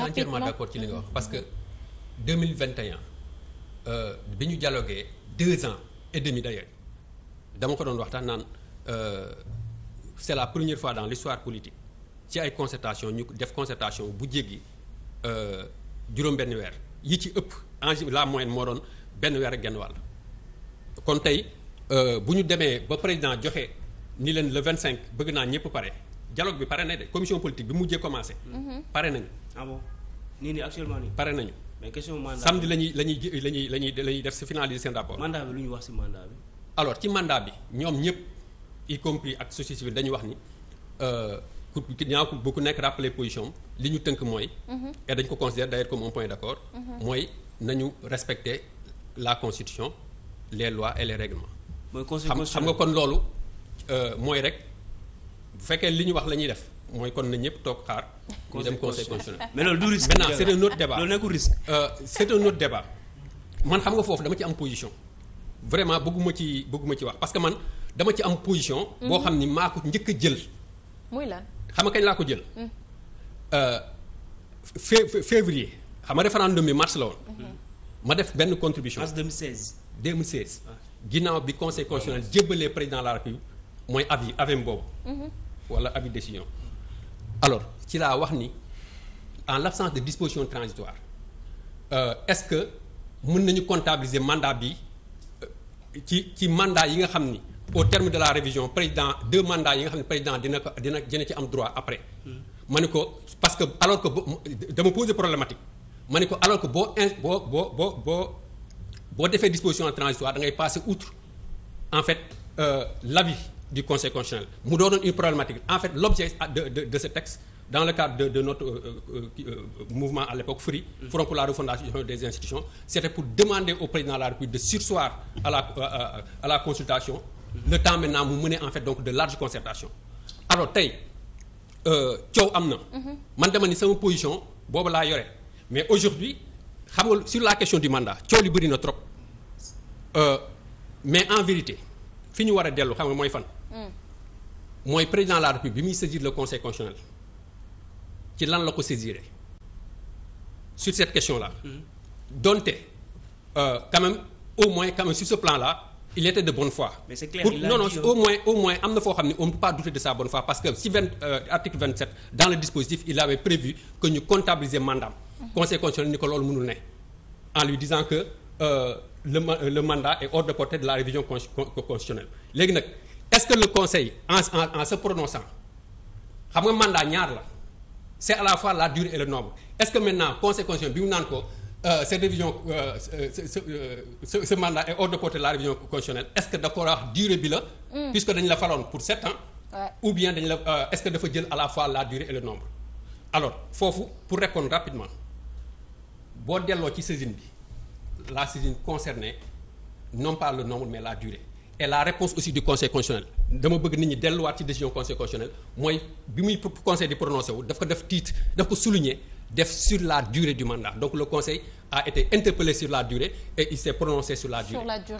suis entièrement d'accord ci li nga wax mm-hmm. parce que 2021 euh, bi ñu dialogué deux ans et demi dama ko doon waxtaan naan euh, c'est la première fois dans l'histoire politique ci ay concertation ñu def concertation bu jéggi euh, juróom benn weer yi ci ëpp en la moyenne moo doon benn weer ak genn wàll kon tey bu ñu demee ba président joxe ni leen le 25 bëgg naa ñëpp pare dialogue bi pare na de commission politique bi mujjee commencé. Mhm. pare nañu. ah bon nii nii actuellement nii. pare nañu. mais question mandat samedi la ñuy la ñuy def si finaliser seen rapport. mandat bi lu ñu wax si mandat bi. alors ci mandat bi ñoom ñëpp y compris ak société civile dañu wax ni euh, ku ñaa ko nekk rappeler position li ñu tënk mooy. Mhm. et dañu ko considère d'ailleurs comme un point d'accord. Mhm. mooy nañu respecter la constitution les lois et les règlements. mooy constitution xam nga kon loolu euh, mooy rek. bu fekkee li ñu wax la ñuy def mooy kon na ñëpp toog xaar. ñu dem conseil constitutionnel. mais loolu du risque. maintenant c' est un autre débat loolu nekkul risque. Euh, c' est un autre débat man xam nga foofu dama ci am position vraiment bëgguma ci bëgguma ci wax parce que man dama ci am position. boo xam ni maa ko njëkk a jël. muy lan xam nga kañ laa ko jël. Hmm. Euh, fé février xam nga référendum bi mars la woon. Hmm. ma def benn contribution. mars 2016. 2016 ah. ginnaaw bi conseil constitutionnel jébbalee président de la république mooy avis avis boobu. Hmm. wala avis de décision alors ci laa wax ni en l'absence de disposition transitoire euh, est-ce que mën nañu comptabiliser mandat bi euh, ci ci mandat yi nga xam ni au terme de la révision président deux mandat yi nga xam ne président dina ko dina dina ci am droit après hmm. ma ne ko parce que alors ko bo dama poser problématique ma ne ko alors que boo in boo boo boo boo boo defee disposition transitoire da ngay passer outre en fait euh, l'avis du conseil constitutionnel mu doonoon une problématique en fait l'objet de, de de ce texte dans le cadre de notre euh, euh, euh, mouvement à l'époque FRI Front pour la refondation des institutions c'était pour demander au président de la République de surseoir à la euh, à la consultation le temps maintenant mu mener en fait donc de larges concertations alors tey coow am na mhm. man dama ni sama position boobu laa yore mais aujourd'hui xam nga sur la question du mandat coow li bëri na trop mais en vérité fi ñu war a dellu xam nga mooy fan Mm. mooy président de la bi muy saisir la conseil constitutionnel ci lan la ko saisiree sur cette question là. Mm. donte euh, quand même au moins quand même sur ce plan là. il était de bonne foi. pour, il au moins au moins am na foo xam ne on ne peut pas de sa bonne foi parce que si vingt euh, article 27 dans le dispositif il avait prévu que ñu comptabiliser mandat mm. conseil constitutionnel ni ko loolu mënul ne en lui disant que euh, le euh, le mandat est hors de de la révision constitutionnelle léegi nag. est-ce que le conseil en en en xam nga mandat ñaar la c'est à la fois la durée et le nombre est-ce que maintenant conseil constitutionnel bi mu naan ko euh, cette révision euh, euh, ce ce mandat est hors de portée de la est-ce que da ko wax durée bi la. Hmm. puisque dañ la faloon pour sept ans. Ouais. ou bien dañ la est-ce que dafa jël à la fois la durée et le nombre. alors foofu pour répondre rapidement boo delloo ci saisine bi la saisine concernait non pas le nombre mais la et la réponse aussi du conseil constitutionnel dama bëgg nit ñi delluwaat ci décision conseil constitutionnel mooy bi muy conseil di prononcé wu daf ko def titre daf ko souligner def sur la durée du mandat donc le conseil a été interpellé sur la durée et il s'est prononcé sur la durée.